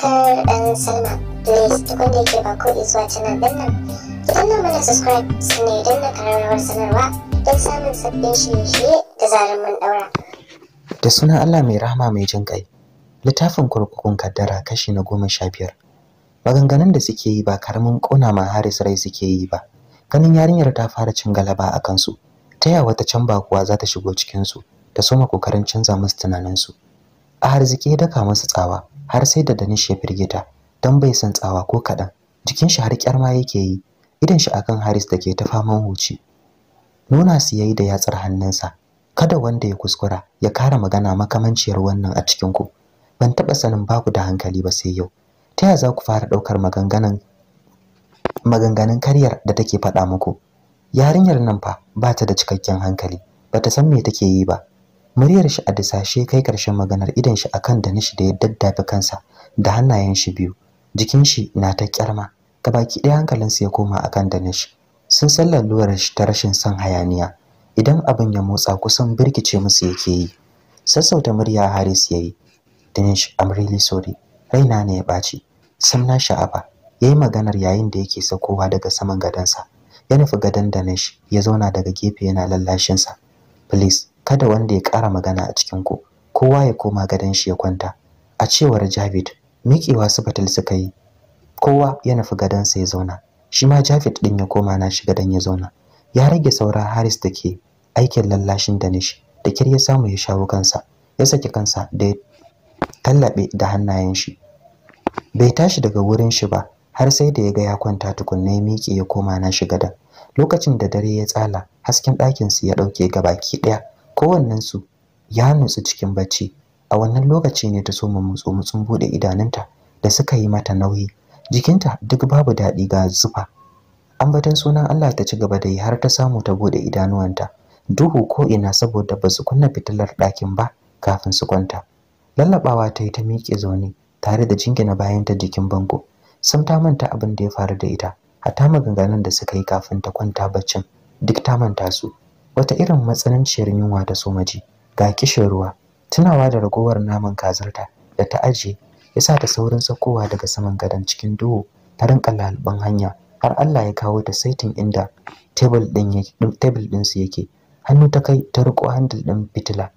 subscribe and sign up. Please da yake zuwa subscribe sanarwa don samun sabbin da sunan Allah mai rahama mai jin kai. Littafin kurkukun kaddara kashi na goma sha biyar. Maganganun da suke yi ba karamin ƙona ma Haris rai suke yi ba. Ganin yarinyar ta fara cin galaba a kansu. Ta yaya wata can ba kuwa za ta shigo cikinsu ta soma kokarin canza musu tunaninsu. A harziki ya daka masu tsawa har sai da Danish ya firgita dan bai san tsawa ko kaɗan, jikin shi har kyarma yake yi idan shi akan Haris da ke ta faman huci nuna su yayi da yatsar hannunsa kada wanda ya kuskura ya kara magana makamanciyar wannan a cikin ku ban taɓa sanin baku da hankali ba sai yau ta yaya za ku fara ɗaukar maganganun maganganun karyar da take faɗa muku yarinyar nan fa ba ta da cikakken hankali bata san me take yi ba muryar shi a disashe kai karshen maganar idan shi akan da nishi da ya daddafe kansa da hannayen shi biyu jikin shi na ta kyarma gabaki ɗaya hankalin su ya koma akan da nishi sun san lallurar shi ta rashin son hayaniya idan abin ya motsa kusan birkice musu yake yi sassauta murya Haris yayi Danish I'm really sorry raina ne ya ɓaci sam na sha'aba yayi maganar yayin da yake sakowa daga saman gadansa ya nufi gadan Danish ya zauna daga gefe yana lallashinsa. sa please kada wanda ya ƙara magana a cikin ku kowa ya koma gadon shi ya kwanta a cewar Javid miƙewa su batal suka yi kowa ya nufi sa ya zauna shi ma Javid din ya koma na shi gadon ya zauna ya rage saura Haris da ke aikin lallashin da shi, da kirya samu ya shawo kansa ya saki kansa da ya tallabe da hannayen shi bai tashi daga wurin shi ba har sai da ya ga ya kwanta tukunna ya miƙe ya koma na shi gadon lokacin da dare ya tsala hasken ɗakin su ya ɗauke gabaki ɗaya kowannensu ya nutsu cikin bacci a wannan lokaci ne ta soma mutsu mutsun bude idanunta da suka yi mata nauyi jikinta duk babu daɗi ga zufa An ambaton sunan Allah ta ci gaba da yi har ta samu ta bude idanuwanta duhu ko ina saboda ba su kunna fitilar ɗakin ba kafin su kwanta lallabawa ta yi ta miƙe zaune tare da jingina bayanta jikin bango sam ta manta abin da ya faru da ita hatta maganganun da suka yi kafin ta kwanta baccin duk ta manta su wata irin matsananciyar yunwa da somaji ga kishin ruwa tunawa da ragowar naman kazarta da ta aje ya sa ta saurin saukowa daga saman gadon cikin duhu ta rinka lalban hanya har Allah ya kawo ta saitin inda tebul din din su yake hannu ta kai ta riko handle din fitila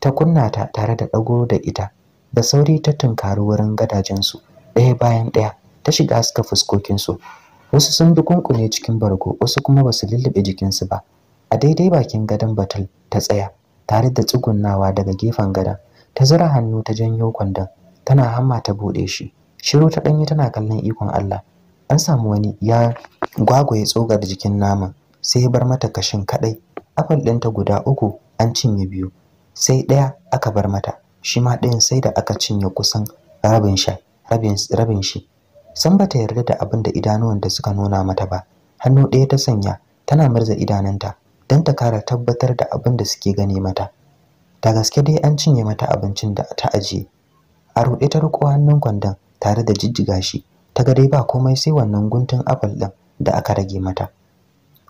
ta kunna ta tare da ɗago da ita da sauri ta tunkari wurin gadajensu ɗaya bayan ɗaya ta shiga suka fuskokinsu. wasu sun dukunkune cikin bargo wasu kuma basu lullube jikinsu ba a daidai bakin gadon batul ta tsaya tare da tsugunnawa daga gefen gadon ta zura hannu ta janyo kwandon tana hamma ta bude shi shiru ta danyi tana kallon ikon Allah an samu wani ya gwagwaye tsogar jikin naman sai ya bar mata kashin kadai afal ɗinta guda uku an cinye biyu sai ɗaya aka bar mata shi ma ɗayan sai da aka cinye kusan rabin shi rabin shi san bata yarda da abin da idanuwan da suka nuna mata ba hannu ɗaya ta sanya tana murza idanunta. don ta kara tabbatar da abin da suke gani mata da gaske dai an cinye mata abincin da ta ajiye a ruɗe ta riko hannun kwandon tare da jijjiga shi ta ga dai ba komai sai wannan guntun apple ɗin da aka rage mata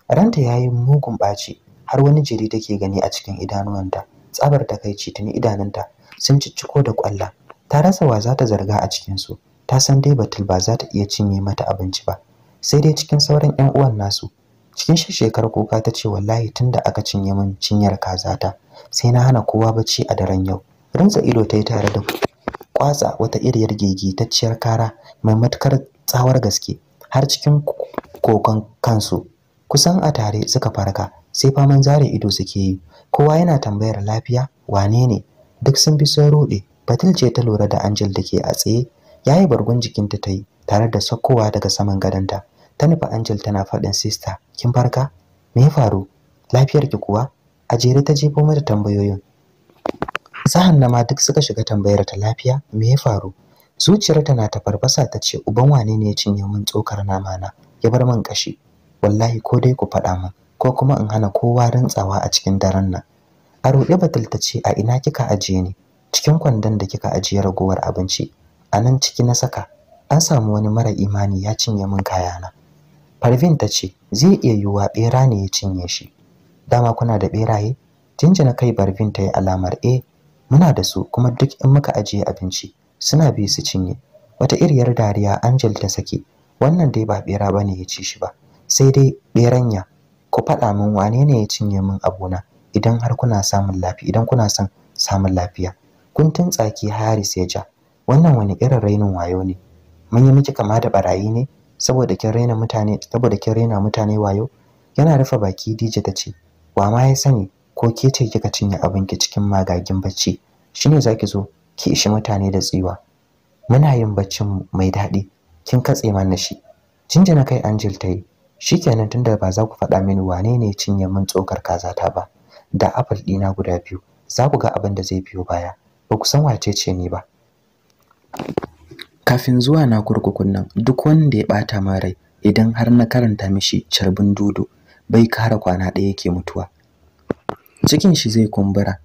ranta ya yi mugun ɓaci har wani jiri take gani a cikin idanuwanta tsabar takaici na idanunta sun cicciko da kwalla ta rasa wa za ta zarga a cikinsu ta san dai batul ba za ta iya cinye mata abinci ba sai dai cikin sauran 'yan uwan nasu cikin shekar kuka ta ce wallahi tunda aka cinye min cinyar ta, sai na hana kowa bacci a daren yau rantsa ido ta yi tare da kwatsa wata iriyar ciyar kara mai matukar tsawar gaske har cikin kokon kansu kusan a tare suka farka sai faman zare ido suke yi kowa yana tambayar lafiya wane ne duk sun bi sun ruɗe batil ce ta lura da angel da ke a tsaye yayi bargon jikinta ta yi tare da sakkowa daga saman gadonta ta nufa Angel tana faɗin sister kin farka me ya faru lafiyar ki kuwa a jere ta jefo mata tambayoyin sahan ma duk suka shiga tambayar ta lafiya me ya faru zuciyar ta na ta farfasa ta ce uban wane ne ya cinye mun tsokar nama na ya bar min kashi wallahi ko dai ku faɗa min ko kuma in hana kowa rantsawa a cikin daren nan a roɗe batul ta ce a ina kika ajiye ni cikin kwandon da kika ajiye ragowar abinci a nan ciki na saka an samu wani mara imani ya cinye min kayana Parvin ta ce zai iya yiwuwa bera ne ya cinye shi. Dama kuna da beraye? na kai Parvin ta yi alamar e muna da su kuma duk in muka ajiye abinci suna bi su cinye. Wata iriyar dariya Angel ta sake wannan dai ba bera bane ya ci shi ba sai dai beranya ku faɗa min wane ne ya cinye min abuna idan har kuna samun lafiya idan kuna son samun lafiya kun tsaki Haris ya ja wannan wani irin rainin wayo ne mun yi miki kama da barayi ne saboda kin raina mutane saboda kin raina mutane wayo yana rufe baki Dije ta ce wa ma ya sani ko ke ce kika cinye abin ki cikin magagin bacci shine zaki zo ki ishi mutane da tsiwa muna yin baccin mai daɗi kin katse mana shi na kai Angel tayi shikenan tunda ba za ku faɗa mini wane ne cinye min tsokar kazata ba da apple ɗina guda biyu za ku ga abin da zai biyo baya ba ku san wace ce ni ba kafin zuwa na kurkukun nan duk wanda ya bata ma rai idan har na karanta mishi carbin dodo bai kara kwana ɗaya yake mutuwa cikin shi zai kumbura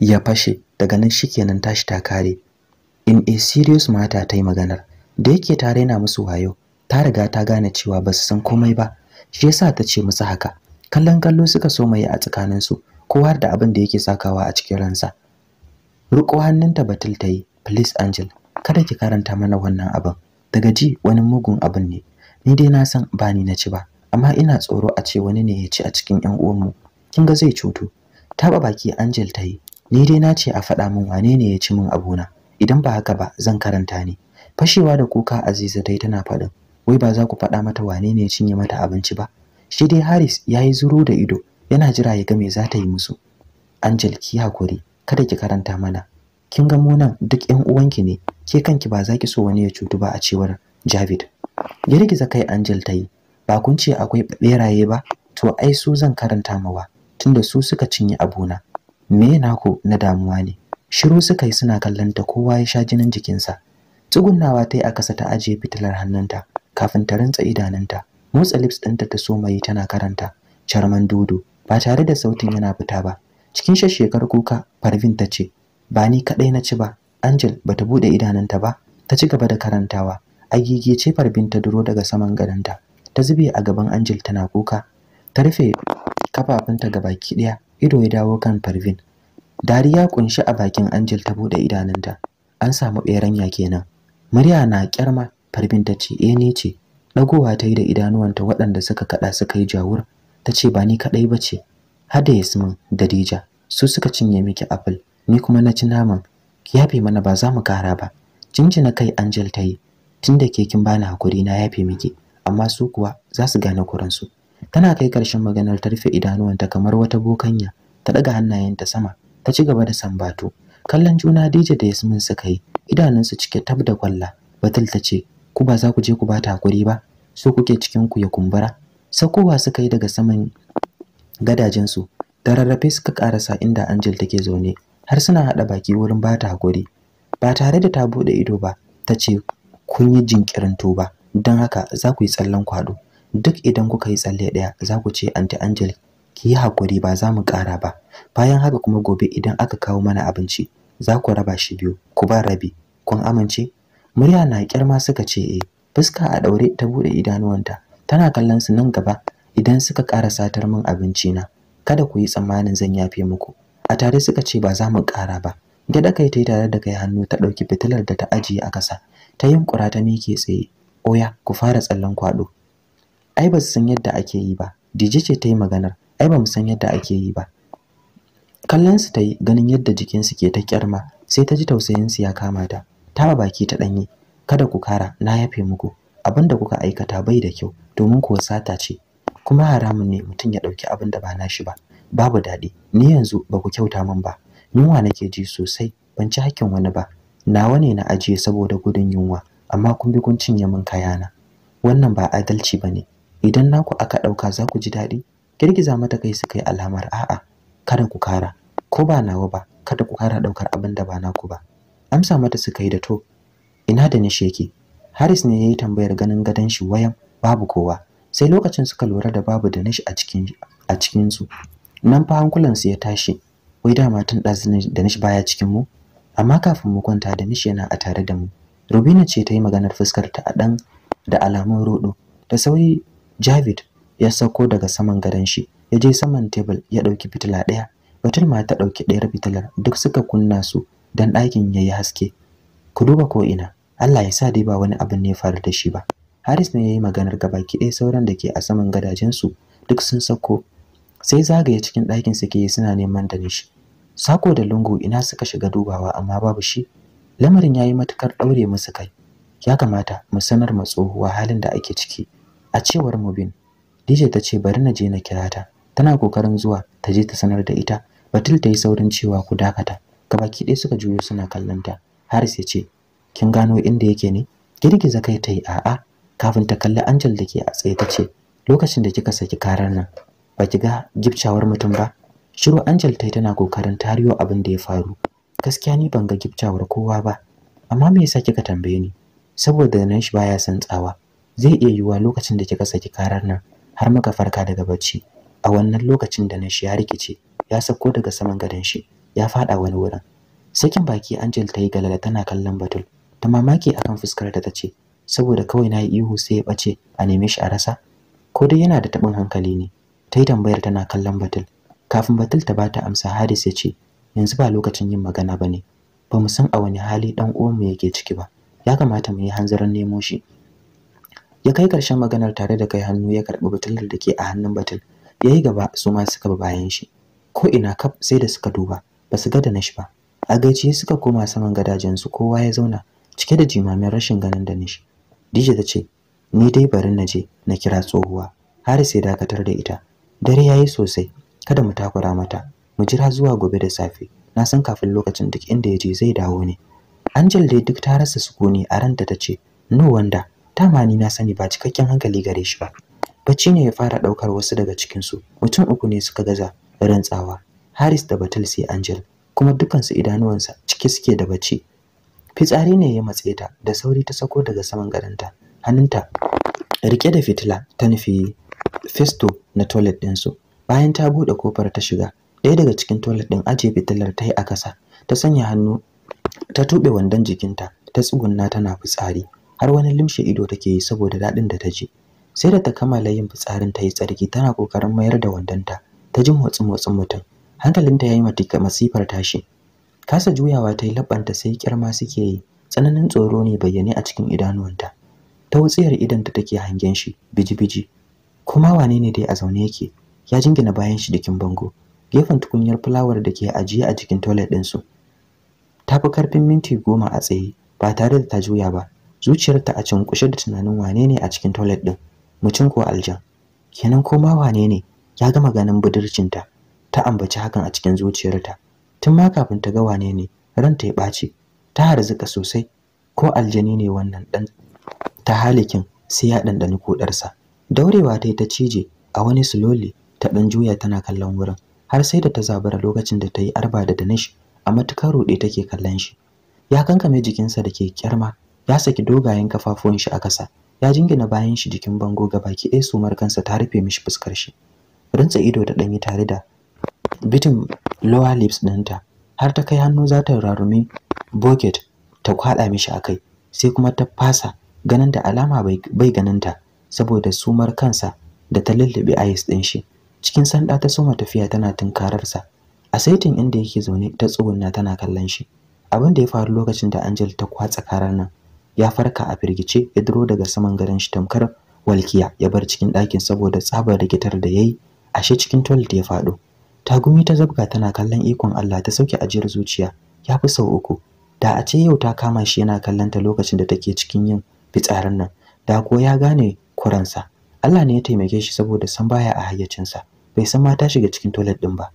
ya fashe daga nan shi kenan tashi ta kare in a serious matter ta yi maganar da yake ta raina musu wayo ta riga ta gane cewa ba su san komai ba shi yasa ta ce musu haka kallon kallo suka so mai a tsakaninsu har da abin da yake sakawa a cikin ransa riko hannunta batul ta yi please angel kada ki karanta mana wannan abin daga ji wani mugun abin ne ni dai na san ba ni na ci ba amma ina tsoro a ce wani ne ya ci a cikin ƴan uwanmu kin ga zai cuto taba baki Angel ta yi ni dai na ce a faɗa min wane ne ya ci min abuna idan ba haka ba zan karanta ne fashewa da kuka Aziza dai tana faɗin wai ba za ku faɗa mata wane ne ya cinye mata abinci ba shi dai Haris ya yi zuro da ido yana jira ya ga me za ta yi musu Angel ki hakuri kada ki karanta mana kin ga mu nan duk 'yan uwanki ne ke kanki ba za ki so wani ya cutu ba a cewar Javid girgiza kai Angel ta yi ba kun ce akwai beraye ba to ai su zan karanta mawa tunda su suka cinye abuna me nako na damuwa ne shiru suka yi suna kallon ta kowa ya sha jinin jikinsa tsugunnawa ta yi a kasa ta ajiye fitilar hannunta kafin ta rantsa idanunta motsa lips ɗinta ta soma yi tana karanta charman dodo ba tare da sautin yana fita ba cikin shekar kuka farvin ta ce ba ni kaɗai na ci ba Angel bata bude idananta ba, ta ci gaba da karantawa. Agige ce farbin ta duro daga saman gadonta. Ta zube a gaban Angel tana kuka. Ta rufe kafafunta ga baki daya, ido ya dawo kan Parvin. Dariya kunshi a bakin Angel ta bude idananta. An samu beranya kenan. Murya na kyarma, Parvin ta ce, "Eh ne ce." Dagowa ta yi da idanuwanta waɗanda suka kada suka yi jawur. Ta ce ba ni kadai bace. Hada Yasmin da Dija su suka cinye miki apple, ni kuma na ci naman. ki yafe mana ba za mu kara ba jinjina kai Angel ta yi tunda ke kin bani hakuri na yafe miki amma su kuwa za su gane kuransu tana kai ƙarshen maganar ta rufe idanuwanta kamar wata bokanya ta daga hannayenta sama ta ci gaba da sambato kallon juna Dije da Yasmin suka yi idanunsu cike tab da kwalla Batul ta ce ku ba za ku je ku bata hakuri ba su kuke cikin ku ya kumbura sakowa suka yi daga saman gadajensu da rarrafe suka karasa inda Angel take zaune har suna haɗa baki wurin bata hakuri. ba tare da ta buɗe ido ba ta ce kun yi jinkirin tuba don haka za ku yi tsallen kwado duk idan kuka yi tsalle ɗaya za ku ce anti angel ki yi hakuri, ba za mu ƙara ba bayan haka kuma gobe idan aka kawo mana abinci za ku raba shi biyu ku ba rabi kun amince murya na ma suka ce eh fuska a ɗaure ta buɗe idanuwanta tana kallon su nan gaba idan suka ƙara satar min abinci na kada ku yi tsammanin zan yafe muku a tare suka ce ba za mu ƙara ba da kai ta tare da kai hannu ta ɗauki fitilar da ta ajiye a ƙasa ta yunkura ta miƙe tsaye oya ku fara tsallen kwaɗo ai ba su san yadda ake yi ba dije ce ta yi maganar ai ba mu san yadda ake yi ba kallon su ta yi ganin yadda jikinsu ke ta kyarma sai ta ji tausayinsu ya kama ta ta baki ta ɗanye kada ku kara na yafe muku abin da kuka aikata bai da kyau domin kuwa sata ce kuma haramun ne mutum ya ɗauki abin da ba nashi ba babu daɗi ni yanzu ba ku kyauta min ba yunwa nake ji sosai ban ci hakkin wani ba nawa ne na ajiye saboda gudun yunwa amma kun bi kun cinye min kayana wannan ba adalci bane idan naku aka dauka za ku ji daɗi girgiza mata kai suka yi alamar a'a kada ku kara ko ba nawa ba kada ku kara daukar abin da ba naku ba amsa mata suka yi da to ina da nishi yake Haris ne yayi tambayar ganin gadan shi wayan babu kowa sai lokacin suka lura da babu da nishi a cikin a cikin su nan fa su ya tashi wai da matan ɗazu da nishi baya cikin mu amma kafin mu kwanta da nishi yana a tare da mu rubina ce ta yi maganar fuskar ta a ɗan da alamun roɗo da sauri javid ya sauko daga saman gadon shi ya je saman tebul ya ɗauki fitila ɗaya batul ma ta ɗauki ɗayar fitilar duk suka kunna su dan ɗakin yayi haske ku duba ko ina allah ya sa dai ba wani abin ne ya faru da shi ba haris ne ya yi maganar gabaki ɗaya sauran da ke a saman gadajensu duk sun sauko sai zagaye cikin ɗakin suke yi suna neman da nishi sako da lungu ina suka shiga dubawa amma babu shi lamarin ya yi matukar ɗaure musu kai ya kamata mu sanar ma tsohuwa halin da ake ciki a cewar mubin dj ta ce bari na je na kira ta tana kokarin zuwa ta je ta sanar da ita batul ta yi saurin cewa ku dakata gabaki ɗaya suka juyo suna kallon ta haris ya ce kin gano inda yake ne girgiza kai ta yi a'a kafin ta kalli angel da ke a tsaye ta ce lokacin da kika saki karar nan ba ki ga gibcawar mutum ba shiru angel tai tana kokarin tariyo abin da ya faru gaskiya ni ban ga gibcawar kowa ba amma me yasa kika tambaye ni saboda nan shi baya san tsawa zai iya yiwuwa lokacin da kika saki karar nan har muka farka daga bacci a wannan lokacin da nashi ya rikice ya sako daga saman gadon shi ya fada wani wurin sakin baki Angel ta galala tana kallon Batul ta mamaki akan fuskar da tace saboda kawai na yi ihu sai ya bace a neme shi a rasa ko dai yana da tabin hankali ne ta yi tambayar tana kallon batul kafin batul ta bata amsa haris ya ce yanzu ba lokacin yin magana ba ne ba mu san a wani hali dan uwan mu yake ciki ba ya kamata mu yi hanzarin nemo shi ya kai karshen maganar tare da kai hannu ya karɓi batul da ke a hannun batul ya yi gaba su ma suka bi bayan shi ko ina kaf sai da suka duba ba su ga da nashi ba a gajiye suka koma saman su kowa ya zauna cike da jimamin rashin ganin da nishi dije ta ce ni dai bari na je na kira tsohuwa har sai dakatar da ita dare yayi sosai kada mu takura mata mu jira zuwa gobe da safe na san kafin lokacin duk inda ya je zai dawo ne Angel dai duk ta rasa sukuni a ranta ta ce no wanda tamani na sani ba cikakken hankali gare shi ba bacci ne ya fara daukar wasu daga cikin su mutum uku ne suka gaza rantsawa Haris da Batul sai Angel kuma dukansu idanuwansa ciki suke da bacci fitsari ne ya matse ta da sauri ta sako daga saman gadonta hannunta rike da fitila ta nufi festo na toilet din su, bayan ta buɗe kofar ta shiga ɗaya daga cikin toilet din ajiye fitilar ta yi a kasa, ta sanya hannu ta tuɓe wandon jikinta ta tsugunna tana fitsari har wani limshe ido take yi saboda daɗin da ta ji sai da ta kammala yin fitsarin ta yi tsarki tana kokarin mayar da wandonta ta ji motsin motsin mutum hankalinta ya yi matika masifar tashi kasa juyawa ta yi labanta sai kirma suke yi tsananin tsoro ne bayyane a cikin idanuwanta ta wutsiyar ta take hangen shi biji-biji kuma wane ne dai a zaune yake ya jingina bayan shi jikin bango gefen tukunyar fulawar da ke ajiye a cikin toilet din su. ta fi karfin minti goma a tsaye ba tare da ta juya ba zuciyarta a cunkushe da tunanin wane ne a cikin toilet ɗin mutum ko aljan kenan ko ma wane ne ya gama ganin budurcinta ta ambaci hakan a cikin zuciyarta tun ma kafin ta ga wane ne ranta ya ɓaci ta harzuka sosai ko aljani ne wannan ɗan ta halikin sai ya ɗanɗani ɗarsa daurewa ta ta cije a wani slowly ta ɗan juya tana kallon wurin har sai da ta zabara lokacin da ta yi arba da Danish a matukar ruɗe take kallon shi ya kankame jikinsa da ke kyarma ya saki dogayen kafafuwan shi a ƙasa, ya jingina bayan shi jikin bango gaba baki ɗaya sumar kansa ta rufe mishi fuskar shi rintsa ido ta ɗanyi tare da bitin lower lips ɗinta har ta kai hannu za ta rarumi bucket ta kwaɗa mishi a kai sai kuma ta fasa ganin da alama bai ganin ta. saboda sumar kansa da ta lullube ayis ɗin shi cikin sanda ta soma tafiya tana sa a saitin inda yake zaune ta tsugunna tana kallon shi abin da ya faru lokacin da Angel ta kwatsa karar nan ya farka a firgice ya duro daga saman gadon shi tamkar walkiya ya bar cikin ɗakin saboda tsabar rikitar da yayi ashe cikin toilet ya faɗo tagumi ta zabga tana kallon ikon Allah ta sauke ajiyar zuciya ya fi sau uku da a ce yau ta kama shi yana kallon ta lokacin da take cikin yin fitsarin nan da ko ya gane kuransa Allah ne ya taimake shi saboda san baya a hayyacinsa bai san ma ta shiga cikin toilet ɗin ba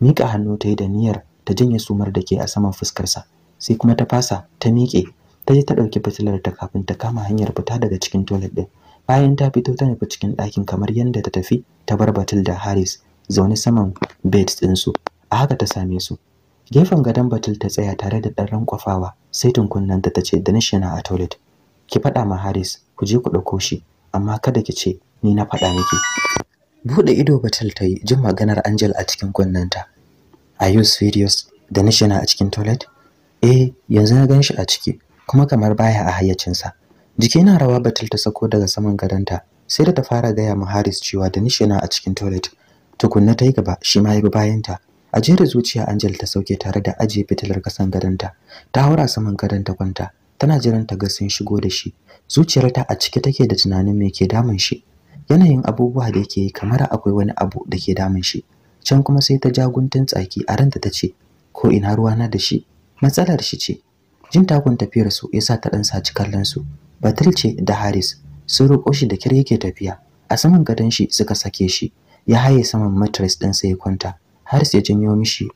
mika hannu ta yi da niyyar ta janye sumar da ke a saman fuskarsa sai kuma ta fasa ta miƙe ta je ta ɗauki fitilar ta kafin ta kama hanyar fita daga cikin toilet ɗin. bayan ta fito ta nufi cikin ɗakin kamar yadda ta tafi ta bar batul da Haris zaune saman bed ɗinsu a haka ta same su gefen gadon batul ta tsaya tare da ɗan rankwafawa sai tunkunnanta ta ce da na a toilet ki faɗa ma Haris ku je ku ɗauko shi amma kada ki ce ni na faɗa miki bude ido batal ta jin maganar angel a cikin kunnanta i use serious da nishina a cikin toilet eh yanzu na gan shi a ciki kuma kamar baya a hayyacinsa jiki na rawa batal ta sako daga saman gadonta sai da ta fara gaya ma haris cewa da nishina a cikin toilet tukunna ta yi gaba shi ma ya bi bayanta a jere zuciya angel ta sauke tare da ajiye fitilar kasan gadonta ta haura saman gadon ta kwanta tana jiran ta ga sun shigo da shi zuciyarta a cike take da tunanin me ke damun shi yanayin abubuwa da yake yi kamar akwai wani abu da ke damun shi can kuma sai ta jaguntun tsaki a ranta ta ce ko ina ruwa na da shi matsalar shi ce jin takun tafiyar su yasa ta dan saci kallon su batul ce da haris su roƙo shi da kyar yake tafiya a saman gadon shi suka sake shi ya haye saman mattress din sai ya kwanta haris ya janyo mishi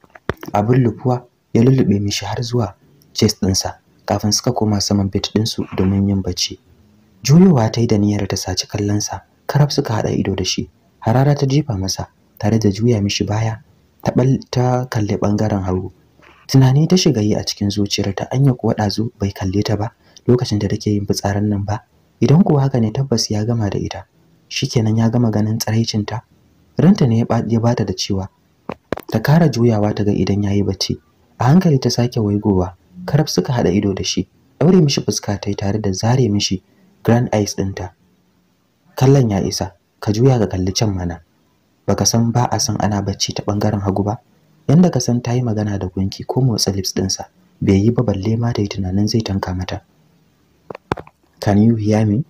abin lufuwa ya lullube mishi har zuwa chest ɗinsa kafin suka koma saman bed su domin yin bacci juyowa ta yi da niyyar ta saci kallonsa karab suka haɗa ido da shi harara ta jefa masa tare da juya mishi baya ta, ta kalli ɓangaren hagu tunani ta shiga yi a cikin zuciyar ta. anya kuwa dazu bai kalle ta ba lokacin da take yin fitsarin nan ba idan kuwa haka ne tabbas ya gama da ita shikenan ya gama ganin tsaraicin ta ranta ne ya bata da cewa ta kara juyawa ta ga idan yayi bacci a hankali ta sake waigowa karab suka hada ido da shi daure mishi fuska tai tare da zare mishi grand eyes dinta kallon ya isa ka juya ga kalli can mana baka san ba a san ana bacci ta bangaren hagu ba yanda ka san tayi magana da gunki ko motsa lips sa bai yi ba balle ma da tunanin zai tanka mata can you hear me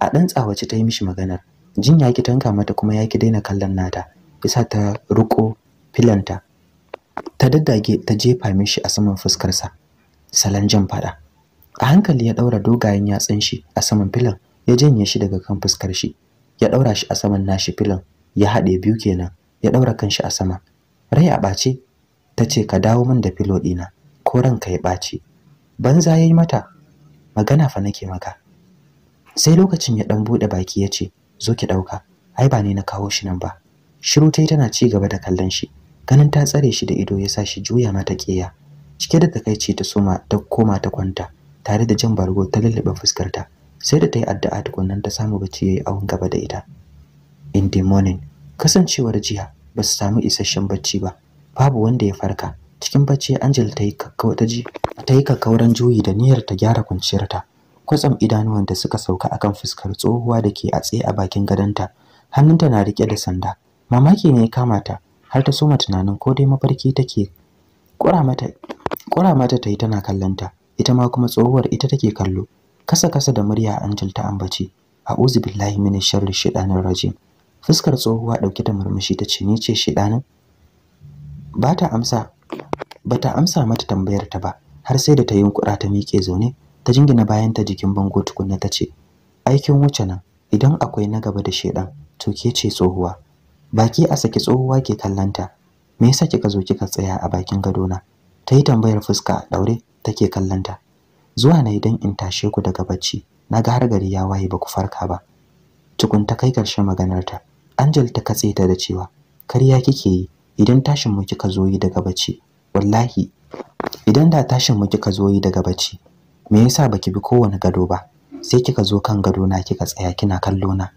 a dan tsawace ta yi mishi maganar jin ya ki tanka mata kuma ya ki daina kallon nata isa ta ruko filanta ta daddage ta jefa mishi a saman fuskarsa salon jan fada a hankali ya daura dogayen yatsun shi a saman filan ya janye shi daga kan fuskar shi ya daura shi a saman nashi filan ya haɗe biyu kenan ya daura kanshi a sama rai a ɓace ta ce ka dawo min da filo ɗina ko ranka ya ɓace banza ya yi mata magana fa nake maka sai lokacin ya ɗan buɗe baki ya ce zo ki ɗauka ai ba ne na kawo shi nan ba shiru ta tana ci gaba da kallon shi ganin ta tsare shi da ido ya sa shi juya mata ƙeya cike da takaici ta soma ta koma ta kwanta tare da jin bargo ta lulluɓe fuskarta sai da ta yi addu'a tukunnan ta samu bacci yayi awon gaba da ita in the morning kasancewar jiya ba su samu isasshen bacci ba babu wanda ya farka cikin bacci Angel ta yi ta yi kakkauran juyi da niyyar ta gyara kwanciyar ta kwatsam idanuwan da suka sauka akan fuskar tsohuwa da ke a tsaye a bakin gadonta hannunta na rike da sanda mamaki ne ya kama ta har ta soma tunanin ko dai mafarki take kura mata Ƙura mata ta yi tana kallonta, ita ma kuma tsohuwar ita take kallo. Kasa kasa da murya Angel ta ambace, "A'udhu billahi minash sharri shaitanir rajim." Fuskar tsohuwa dauke da murmushi ta ce, "Ni ce shaitanin?" Ba amsa, ba amsa mata tambayar ta ba, har sai da ta yi kura ta miƙe zaune, ta jingina bayan ta jikin bango tukunna ta ce, "Aikin wuce nan, idan akwai na gaba da shaidan, to ke ce tsohuwa." Baki a saki tsohuwa ke kallanta. Me yasa kika zo kika tsaya a bakin gado na ta yi tambayar fuska a ɗaure take kallonta zuwa na idan in tashe ku daga bacci na ga har gari ya waye ba ku farka ba tukun ta kai ƙarshen maganarta angel ta katse ta da cewa karya kike yi idan tashin mu kika zo yi daga bacci wallahi idan da tashin mu kika zo yi daga bacci me yasa baki bi kowane gado ba sai kika zo kan gado na kika tsaya kina kallo na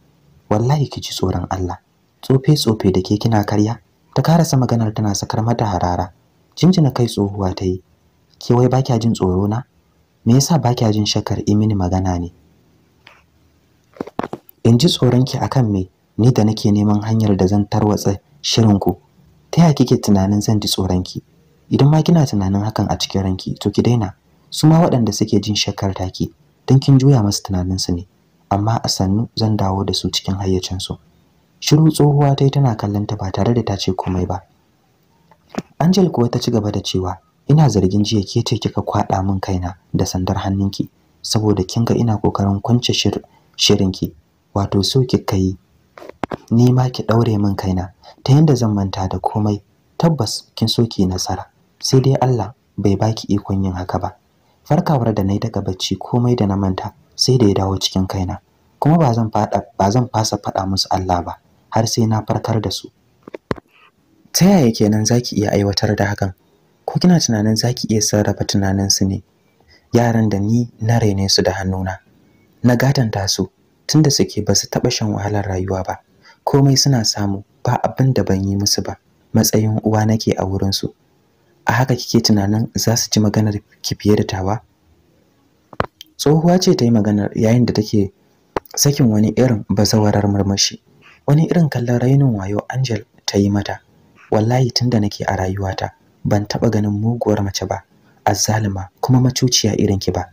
wallahi ki ji tsoron Allah tsofe tsofe da ke kina karya ta karasa maganar tana sakar mata harara jinjina kai tsohuwa ta yi ke wai ba kya jin tsoro na me yasa ba kya jin shakar imini magana ne in ji tsoronki akan me ni da nake neman hanyar da zan tarwatsa shirinku ta yaya kike tunanin zan ji tsoronki idan ma kina tunanin hakan a cikin ranki to ki daina su ma waɗanda suke jin shakkar taki, don kin juya masu tunaninsu ne amma a sannu zan dawo da su cikin hayyacinsu shiru tsohuwa ta yi tana kallon ta ba tare da ta ce komai ba Angel kuwa ta ci gaba da cewa ina zargin jiya ke ce kika kwada min kaina da sandar hannunki saboda kin ga ina kokarin kwance shir shirinki wato so ki kai ni ma ki daure min kaina ta yanda zan manta da komai tabbas kin so ki nasara sai dai Allah bai baki ikon yin haka ba farkawar da nayi daga bacci komai da na manta sai da ya dawo cikin kaina kuma ba zan fada ba zan fasa fada musu Allah ba har sai na farkar da su ta yaya kenan ki iya aiwatar da hakan ko kina tunanin za ki iya sarrafa tunaninsu ne yaran da ni na raine su da hannuna na gadanta su tunda suke ba su taɓa shan wahalar rayuwa ba komai suna samu ba abin da ban yi musu ba matsayin uwa nake a wurinsu a haka kike tunanin za su ji maganar ki fiye da tawa tsohuwa ce ta yi maganar yayin da take sakin wani irin bazawarar murmushi wani irin kallon rainin wayo angel ta yi mata wallahi tunda nake a rayuwata ban taba ganin muguwar mace ba azzalima kuma macuciya irin ki ba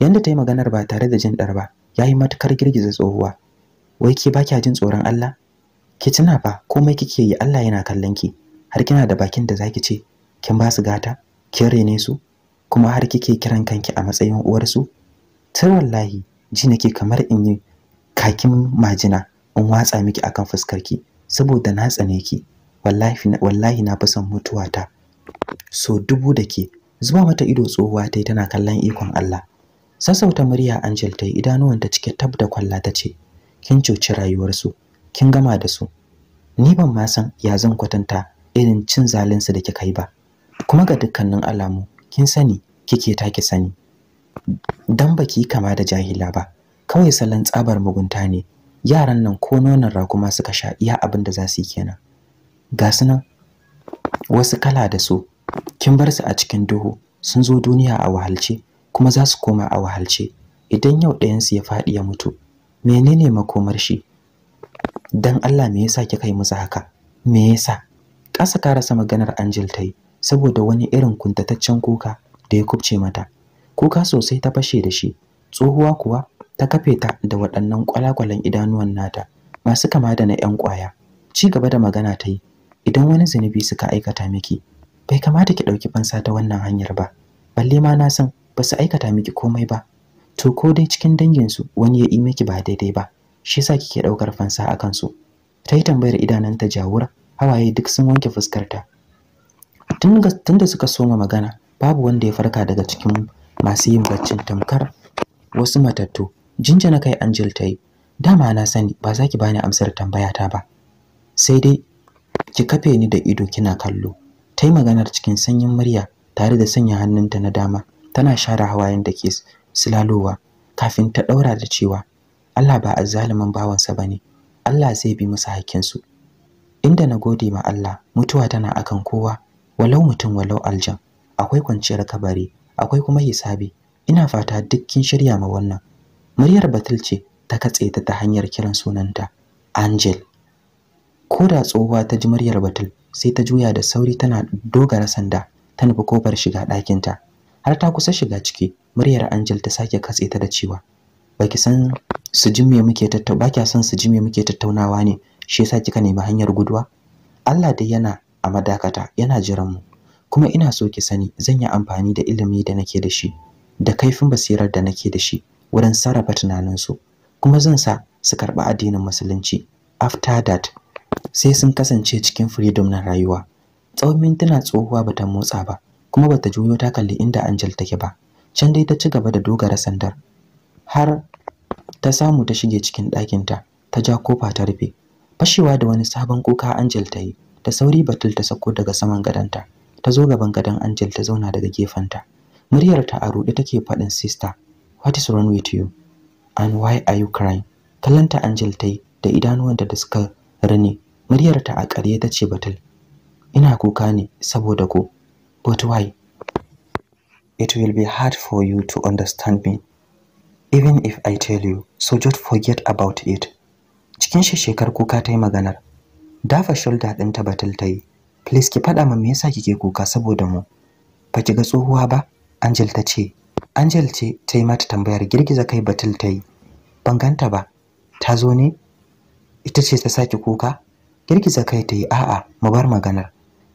yanda ta maganar ba tare da jin ɗar ba yayi matukar girgiza tsohuwa wai ki baki jin tsoron Allah ki tuna fa komai kike yi Allah yana kallon ki har kina da bakin da zaki ce kin ba su gata kin rene su kuma har kike kiran kanki a matsayin uwarsu tun wallahi ji nake kamar in yi kakin majina in watsa miki akan fuskar ki saboda na tsane ki wallahi na fi son mutuwa ta so dubu da ke zuba mata ido tsohuwa ta yi tana kallon ikon Allah sassauta murya Angel ta yi idanuwanta cike tab da kwalla ta ce kin cuci rayuwarsu kin gama da su ni ban ma san ya zan kwatanta irin cin zalinsu da kika yi ba kuma ga dukkanin alamu kin sani kike ta take sani dan baki kama da jahila ba kawai salon tsabar mugunta ne yaran nan ko nonon rakuma suka sha iya abin da za su yi kenan ga su nan wasu kala da su kin bar su a cikin duhu sun zo duniya a wahalce kuma za su koma a wahalce idan yau ɗayan su ya faɗi ya mutu menene makomar shi dan Allah me yasa kika yi musu haka me yasa ƙasa rasa maganar Angel ta saboda wani irin kuntataccen kuka da ya kubce mata kuka sosai ta fashe da shi tsohuwa kuwa ta kafe ta da waɗannan kwalakwalan idanuwan nata masu kama da na 'yan kwaya, ci gaba da magana ta yi idan wani zunubi suka aikata miki bai kamata ki ɗauki fansa ta wannan hanyar ba balle ma na san ba su aikata miki komai ba to ko dai cikin danginsu wani ya yi miki ba daidai ba shi yasa kike ɗaukar fansa a kansu ta yi tambayar ta jawura hawaye duk sun wanke fuskarta tun da suka soma magana babu wanda ya farka daga cikin masu yin baccin tamkar wasu matattu jinjina kai angel ta yi dama na sani ba za ki bani amsar tambayata ba sai dai ki kafe ni da ido kina kallo ta maganar cikin sanyin murya tare da sanya hannunta na dama tana share hawayen da ke silalowa kafin ta ɗaura da cewa Allah ba zalumin bawansa ba ne Allah zai bi musu hakkinsu inda na gode ma Allah mutuwa tana akan kowa walau mutum walau aljan akwai kwanciyar kabari akwai kuma hisabi ina fata duk kin shirya ma wannan muryar batul ce ta katse ta ta hanyar kiran sunanta angel ko da tsohuwa ta ji muryar batul sai ta juya da sauri tana dogara sanda ta nufi kofar shiga ɗakinta har ta kusa shiga ciki muryar angel ta sake katse ta da cewa baki san su ji me muke tattauna baki san su ji me muke tattaunawa ne shi yasa kika nemi hanyar guduwa Allah dai yana a madakata yana jiran mu kuma ina so ki sani zan yi amfani da ilimi da nake da shi da kaifin basirar da nake da shi wurin sarrafa tunaninsu kuma zan sa su karɓi addinin musulunci after that sai sun kasance cikin freedom na rayuwa tsawon mintuna tsohuwa bata motsa ba kuma ba ta juyo ta kalli inda Angel take ba can dai ta ci gaba da dogara sandar har ta samu ta shige cikin ɗakinta ta ja kofa ta rufe fashewa da wani sabon kuka Angel ta yi da sauri Batul ta sako daga saman gadonta ta zo gaban gadon Angel ta zauna daga gefenta muryar ta a ruɗe take faɗin sister what is wrong with you and why are you crying kallanta Angel ta yi da idanuwanta da suka rane muryar ta a ƙarye ta ce batul ina kuka ne saboda ku but why it will be hard for you to understand me even if i tell you so just forget about it cikin shekar kuka ta yi maganar dafa shoulder ta batul ta yi please ki faɗa min me yasa kike kuka saboda mu ba ki ga tsohuwa ba angel ta ce angel ce ta yi mata tambayar girgiza kai batul ta yi ban ganta ba ta zo ne ita ce ta sake kuka girgiza kai ta yi a'a mu bar maganar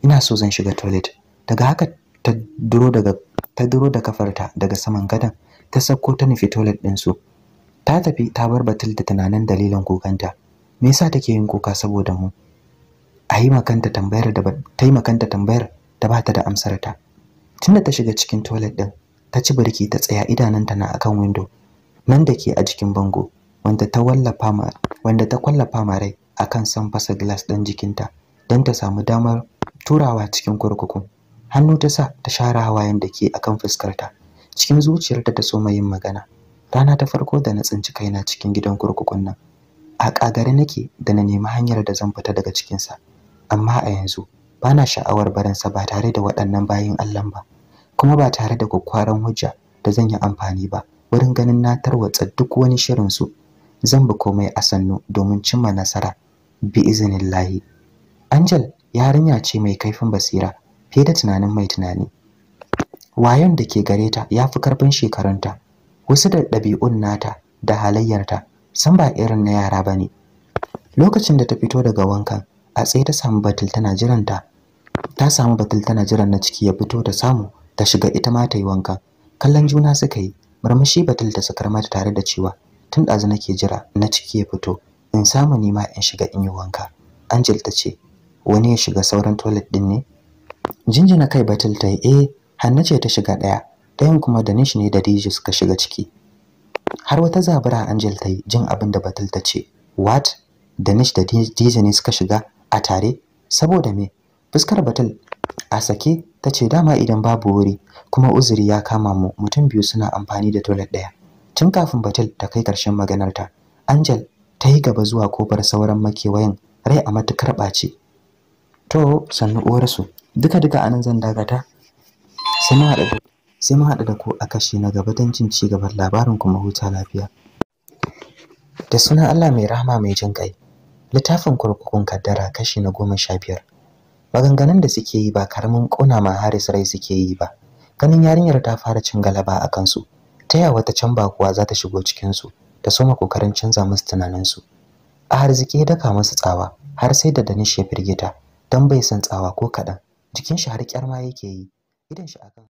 ina so zan shiga toilet daga haka ta duro da kafarta daga saman gadon ta sako ta nufi toilet din su ta tafi ta bar batul da tunanin dalilin kukanta. me yasa take yin kuka saboda mu a yi makanta tambayar da ta yi makanta tambayar da ba ta da amsar ta tunda ta shiga cikin toilet ɗin, ta ci birki ta tsaya idananta na akan window nan da ke a jikin bango wanda ta wallafa ma wanda ta kwallafa ma rai akan san fasa glass ɗin jikinta don ta samu damar turawa cikin kurkuku hannu ta sa ta share hawayen da ke akan fuskarta cikin zuciyarta ta soma yin magana rana ta farko da na tsinci kaina cikin gidan kurkukun nan a ƙagare nake da na nemi hanyar da zan fita daga cikinsa amma a yanzu bana sha'awar barinsa ba tare da waɗannan bayin Allah ba kuma ba tare da kwakkwaran hujja da zan yi amfani ba wurin ganin na tarwatsa duk wani shirin su zan bi komai a sannu domin cimma nasara bi izinillahi Angel yarinya ce mai kaifin basira fiye da tunanin mai tunani wayon da ke gareta ta ya fi karfin shekarunta wasu da ɗabi'un nata da halayyarta san ba irin na yara ba ne lokacin da ta fito daga wankan a tsaye ta samu batul tana jiran ta samu batul tana jiran na ciki ya fito ta samu ta shiga ita ma ta yi wanka kallon juna suka yi murmushi batul ta sakar mata tare da cewa tun ɗazu nake jira na ciki ya fito in samu nima in shiga in yi wanka angel ta ce wani ya shiga sauran toilet din ne jinjina kai batul ta yi eh hanna ce ta shiga daya dayan kuma da nishi ne da dijis suka shiga ciki har wata zabura angel ta yi jin abin da batul ta ce what da nish da dijis ne suka shiga a tare saboda me fuskar batul a sake ta ce dama idan babu wuri kuma uzuri ya kama mu mutum biyu suna amfani da toilet daya tun kafin batul ta kai karshen maganarta angel ta yi gaba zuwa kofar sauran makewayin, rai a matukar ɓace to sannu uwarsu duka duka anan zan dagata. sai mun haɗu da ku a kashi na gaba don jin ci gaban labarin kuma huta lafiya da suna Allah mai rahama mai jin kai littafin kurkukun kaddara kashi na goma sha biyar maganganun da suke yi ba karamin ƙona ma haris rai suke yi ba ganin yarinyar ta fara cin galaba a kansu ta yawa ta can ba kuwa za ta shigo cikinsu Da soma kokarin canza musu tunaninsu a ya daka musu tsawa har sai da danish ya firgita don bai san tsawa ko kaɗan jikin shi har kyarma yake yi idan shi akan